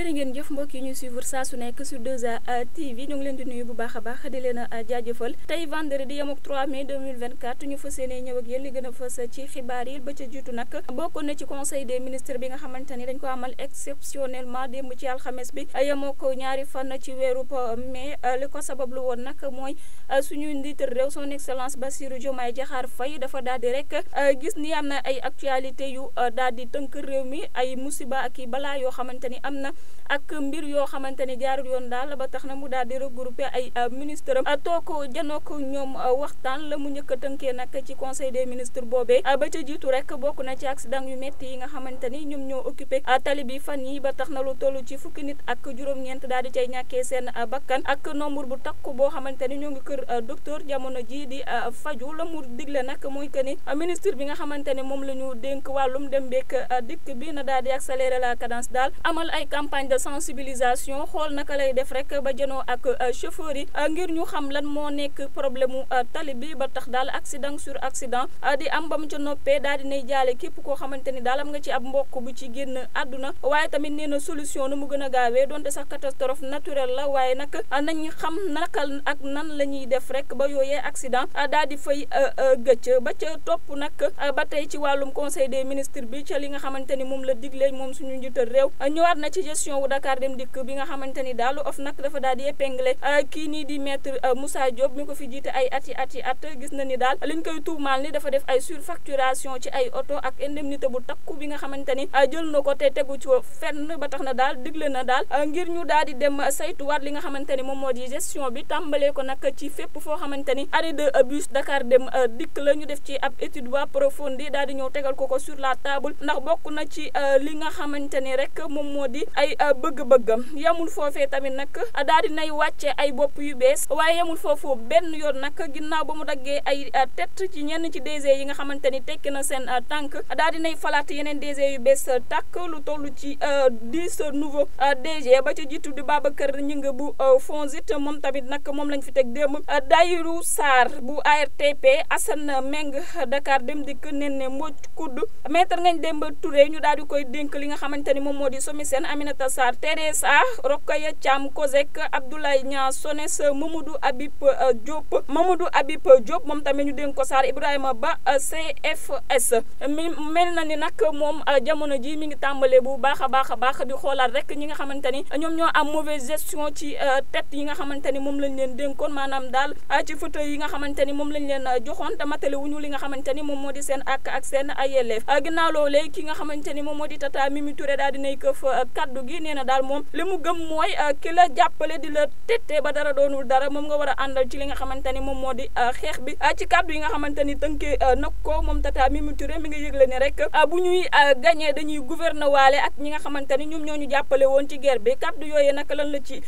jërë ngeen jëf mbokk yi ñu suivre saa su nekk sur 2A TV ñu leen di nuyu bu baax a baax di leen a jaajëfal tey vendredi yem ak 3 mai 2024 ñu fas yéene ñëw ak yéen li gën a fës ci xibaar yi ba ca jiitu nag bokkoon na ci conseil de ministres bi nga xamante ni dañ ko amal exceptionnellement démb ci alxames bi yemoo ko ñaari fan ci weeru mai li ko sabablu woon nag mooy suñu njiitu réew son excellence Bassirou Diomaye jaxaar Faye dafa daal di rek gis ni am na ay actualité yu daal di tënk réew mi ay musiba ak balaa yoo xamante ni am na ak mbir yoo xamante ne jaarul yoon daal ba tax na mu daal di regroupé ay euh, ministre am euh, toog janook ñoom euh, waxtaan la mu njëkk tënkee nag ci conseil des ministres boobee ba jiitu rek bokk na ci accident yu métti yi nga xamante ni ñoom ñoo occupé tali bi fan yi ba tax na lu toll ci fukki nit ak juróom daal di cay ñàkkee seen bakkan ak nombre bu takku boo xamante ni ñoo ngi kër docteur jamono ji di faju la mu digle nag mooy que ni ministre bi nga xamante ne moom la ñu dénk wàllum dem beek dikk bi na daal di accélérer la cadence daal amal ay campagne campagne de sensibilisation xool naka lay def rek ba jënoo ak euh, chauffeur yi euh, ngir ñu xam lan moo nekk problème mu euh, tali bi ba tax daal accident sur accident di am ba mu ca noppee daal dinay jaale képp koo xamante ni daal am nga ci ab mbokk bu ci génn àdduna waaye tamit nee na solution nu mu gën a gaawee donte sax catastrophe naturelle la waaye nag nañ xam naka ak nan la ñuy def rek ba yooyee accident daal di fay gëcc ba ca topp nag ba tey ci wàllum conseil des ministre bi ca li nga xamante ni moom la digle moom suñu njiital réew wu Dakar dem dikk bi nga xamante ni daal OFNAC dafa daal di épinglé euh, kii nii di maître euh, Moussa Diop mi ko fi jiite ay at yi at yi at gis na ni daal liñ koy tuumaal ni dafa def ay surfacturation ci ay oto ak indemnité bu takku bi nga xamante ni euh, jël na ko tegu ci fenn ba tax na daal digle na daal ngir ñu daal di dem saytuwaat li nga xamante ni moom moo di gestion bi tàmbalee ko nag ci fépp foo xamante ni arrêt de bus dem dikk la ñu def ci ab étude bu approfondie daal di ñëw tegal ko ko sur la table ndax bokk na ci li nga xamante ni rek moom moo di ay bëgg-bëggam yamul foofee tamit nag daal di nay wàcce ay bopp yu bees waaye yamul foofu benn yoon nag ginnaaw ba mu daggee ay tet ci ñenn ci DG yi nga xamante ni tekki na seen tànk daal di nay falaat yeneen DG yu bees tàkk lu tollu ci dix nouveau DG ba ci jiitu di Babacar Gningue bu FONGIP moom tamit nag moom lañ fi teg démb Dayru Sarr bu ARTP Assane Meng Dakar dem dikk nen ne Mbodj Kudd maître Ngagne Demba Touré ñu daal di koy dénk li nga xamante ni moom moo di SOMISEN Aminata Aminata Sarr Teresa Rokhaya Thiam Kozek Abdoulaye Niang Sones Mamadou Habib euh, Diop Mamadou Habib Diop moom tamit ñu dénk ko Sarr Ibrahima Ba euh, CFS mi mel na ni nag moom euh, jamono ji mi ngi tàmbalee bu baax a baax a baax di xoolaat rek ñi nga xamante ni ñoom ñoo am mauvaise gestion ci tête yi nga xamante ni moom lañ leen dénkoon maanaam daal ci fauteuil yi nga xamante ni moom lañ leen joxoon te matale wuñu li nga xamante ni moom moo di seen ak ak seen ay yelleef ginnaaw ki nga xamante ni moom moo di tata Mimi Touré daal dinay këf kaddu gi gi na daal moom li mu gëm mooy euh, ki la jàppale di la téttee ba dara doonul dara moom nga war a àndal ci li nga xamante ni moom moo di euh, xeex bi euh, ci kàddu yi nga xamante ni tënkee nag ko moom Tata Mimi Touré mi nga yëgle ne rek bu ñuy gagné dañuy gouverner waale ak ñi nga xamante ni ñoom ñoo ñu jàppale woon ci guerre bi kàddu yooyu naka lan la ci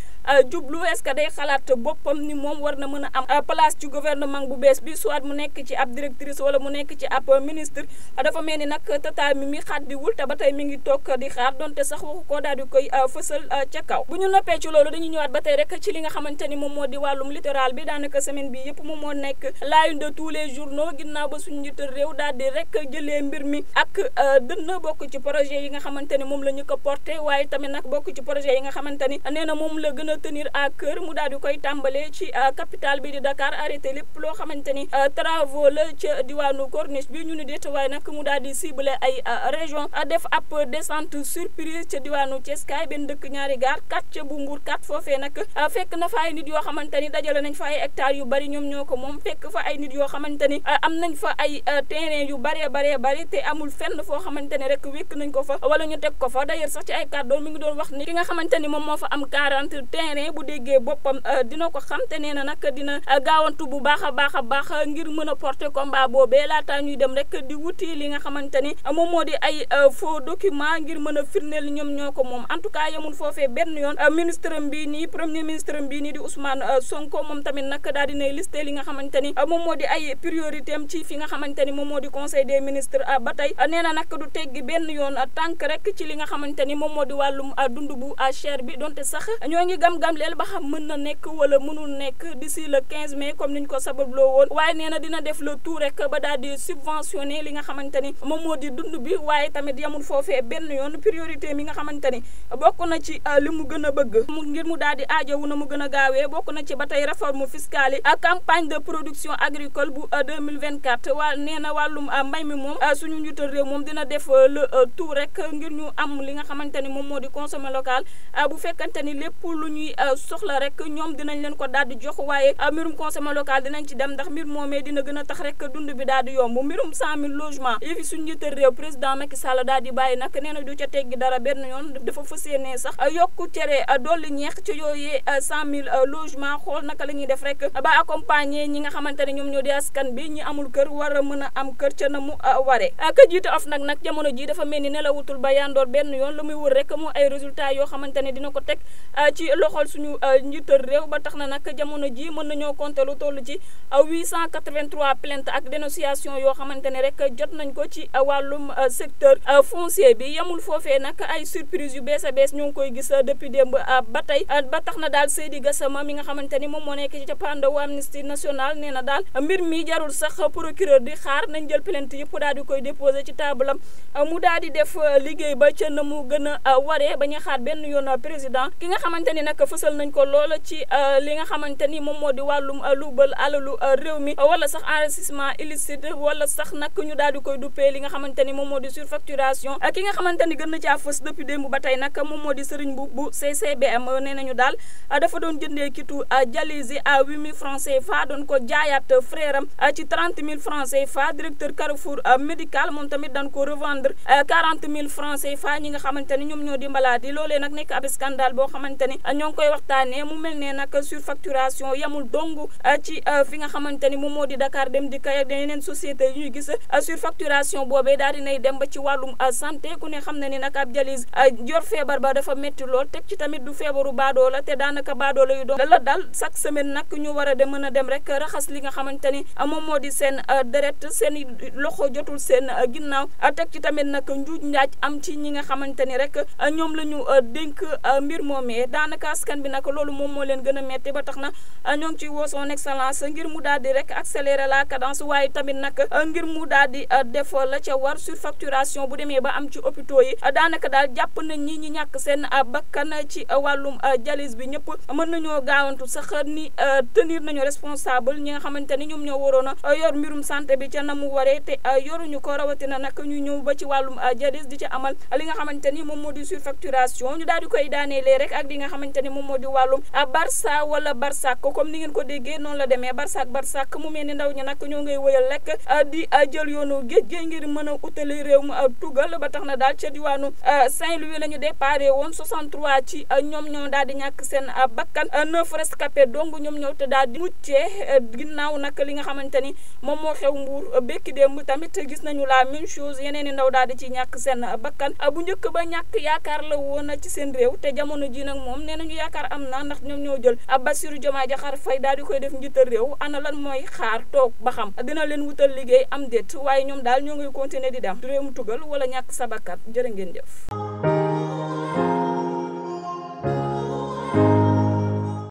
jublu est-ce que day xalaat boppam ni moom war na mën a am place ci gouvernement bu bees bi soit mu nekk ci ab directrice wala mu nekk ci ab ministre dafa mel ni nag Tata Mimi xaddiwul te ba tey mi ngi toog di xaar donte sax ko koy euh, fësal euh, ca bu ñu noppee ci loolu dañu ñëwaat ba tey rek ci li nga xamante ni moom moo di wàllum littoral bi daanaka semaine bi yëpp moom moo nekk la une de tous les journaux ginnaaw ba suñu njiital réew daal di rek mbir mi ak euh, dënn bokk ci projet yi nga xamante moom la ñu ko porté waaye tamit nag bokk ci projet yi nga xamante ni nee na moom la gën a tenir à cœur mu daal di koy tàmbalee ci capitale bi di Dakar arrêté lépp loo xamante ni travaux la ca diwaanu corniche bi ñu ni déet waaye nag mu daal di ciblé ay région def ab descente surprise ca diwaanu Thiès Sky benn dëkk ñaari gaar quartier bu Mbour kat foofee nag ah, fekk na fa ay nit yoo xamante ni dajale nañ fa ay hectares yu bari ñoom ñoo ko moom fekk fa ay nit yoo xamante ni ah, am nañ fa ay ah, terrain yu baree baree bari te amul fenn foo xamante ne rek wékk nañ ko fa wala ñu teg ko fa d'ailleurs sax ci ay kàddoon mi ngi doon wax ni ki nga xamante ni moom moo fa am 40 terrain bu déggee boppam dina ko xam te nee na nag dina gaawantu bu baax a baax a baax ngir mën a porter combat boobee laataa ñuy dem rek di wuti li nga xamante ni moom moo di ay faux document ngir mën a firndeel ñoom ñoo ko moom en tout cas yemul foofee benn yoon euh, ministre bi nii premier ministre bi nii di Ousmane euh, Sonko moom tamit nag daal dinay listé li nga xamante ni euh, moom moo di ay priorité fi nga xamante ni moom moo di conseil des ministres ba tey neena na nag du teggi benn yoon tànk rek ci li nga xamante ni moom moo di wàllum dund bu cher bi donte sax ñoo ngi gam-gam leel ba xam mën na nekk wala mënul nekk d'ici le 15 mais comme ni ñu ko sababloo woon waaye nee na dina def le tout rek ba daal di subventionné li nga xamante ni moom moo di dund bi waaye tamit yamul foofee benn yoon priorité mi nga xamante ni bokk na ci euh, li mu gën a bëgg mu ngir mu daal di aajowu na mu gën gaawee bokk na ci ba tey réforme fiscale yi ak campagne de production agricole bu 2024 euh, waa nee na wàllum euh, mbay mi moom suñu njiital réew moom dina def le tout rek ngir ñu am li nga xamante ni moom moo di consommer local bu fekkante ni lépp lu ñuy soxla rek ñoom dinañ leen ko daal di jox waaye mbirum consommer local dinañ ci dem ndax mbir moomee dina gën a tax rek dund bi daal di yomb mbirum 100000 logements yi fi suñu président Macky Sall daal di bàyyi nag nee du ca teggi dara benn yoon fas nee sax a yokk cere dolli ñeex ci yooyee cent mille logements xool naka la ñuy def rek ba accompagner ñi nga xamante ne ñoom ñoo di askan bi ñi amul kër war a mën a am kër ca na mu waree ka jiite of nag nag jamono ji dafa mel ni nelawutul ba yandoor benn yoon la muy wër rek mu ay résultat yoo xamante ne dina ko teg ci loxol suñu njiital réew ba tax na nag jamono ji mën nañoo compter lu toll ci 883 plaintes ak dénonciation yoo xamante ne rek jot nañ ko ci wàllum secteur foncier bi yamul foofee nag ay surprise yu bees bees bees ñoo ngi koy gis euh, depuis démb euh, ba tey euh, ba tax na daal Seydi Gassama mi nga xamante ni moom moo nekk ci cappaandawu Amnesty National nee na daal mbir mi jarul sax procureur di xaar nañ jël plainte yëpp daal di koy déposé ci taabalam mu daal di def liggéey ba ca na mu gën a waree ba ñu xaar benn yoon président ki nga xamante ni nag fësal nañ ko loola ci li nga xamante ni moom moo di wàllum luubal alalu réew mi wala sax enrichissement illicite wala sax nag ñu daal di koy duppee li nga xamante ni moom moo di surfacturation ki nga xamante ni gën na caa fës depuis démb ba tey nag nag moom moo di sëriñ bu bu CCBM nee nañu daal dafa doon jëndee a ah, dialyse à ah, huit mille francs CFA doon ko jaayaat frère am ah, ci trente mille francs CFA directeur Carrefour médical moom tamit dan ko revendre quarante mille francs CFA ñi nga xamante ni ñoom ñoo di malade yi loolee nag nekk ab scandale boo xamante ni ñoo ngi koy waxtaanee mu mel ne nag surfacturation yamul dong ci fi nga xamante ni moom moo di Dakar dem di kay ak yeneen société yu ñuy gis surfacturation boobee daal dinay dem ba ci wàllum santé ku ne xam na ni nag ab dialyse feebar ba dafa métti lool teg ci tamit du feebaru baadoo la te daanaka baadoo la yu doon la dal chaque semaine nag ñu war a dem mën a dem rek raxas li nga xamante ni ah, moom moo di seen ah, deret seen loxo jotul seen ah, ginnaaw a teg ci tamit nag njuuj njaaj am ci ñi nga xamante ni rek ñoom la ñu dénk mbir moom moomee daanaka askan bi nag loolu moom moo leen gën a métti ba tax na ñoo ngi ciy woo son excellence ngir mu daal di rek accélérer la cadence waaye tamit nag ngir mu daal di def la ca war surfacturation demee ba ñi ñàkk seen ah, bakkan ci ah, wàllum jalis ah, bi ñëpp mën nañoo gaawantu sax ni tenir nañu responsable ñi nga xamante ni ñoom ñoo waroon a yor mbirum santé bi ca na mu waree te yoruñu ko rawatina nag ñu ñëw ba ci wàllum jalis di ci amal li nga xamante ni moom moo di surfacturation ñu daal di koy daaneelee rek ak li nga xamante ni moom moo di wàllum Barça wala Barsak comme ni ngeen ko déggee noonu la demee Barsak Barsak mu mel ni ndaw ñi nag ñoo ngay wëyal lekk di jël yoonu géej géej mën a utali réew mu tugal ba tax na daal ca diwaanu Saint-Louis déparé woon 63 ci euh, ñoom ñoo daal di ñàkk seen euh, bakkan euh, neuf rescapé dong ñoom ñoo te daal di muccee ginnaaw nag li nga xamante ni moom moo xew mbuur békki dem tamit gis nañu la même chose yeneen i ndaw daal di ci ñàkk senn seen bakkan bu njëkk ba ñàkk yaakaar la woon ci seen réew te jamono ji nag moom nee ñu yaakaar am na ndax ñoom ñoo jël a Bassirou Diomaye Diakhar Faye daal di koy def njiital réew ana lan mooy xaar toog ba xam dina leen wutal liggéey am déet waaye ñoom daal ñoo ngi continuer di dem réew mu tugal wala ñàkk sa bakkan jërë ngeen jëf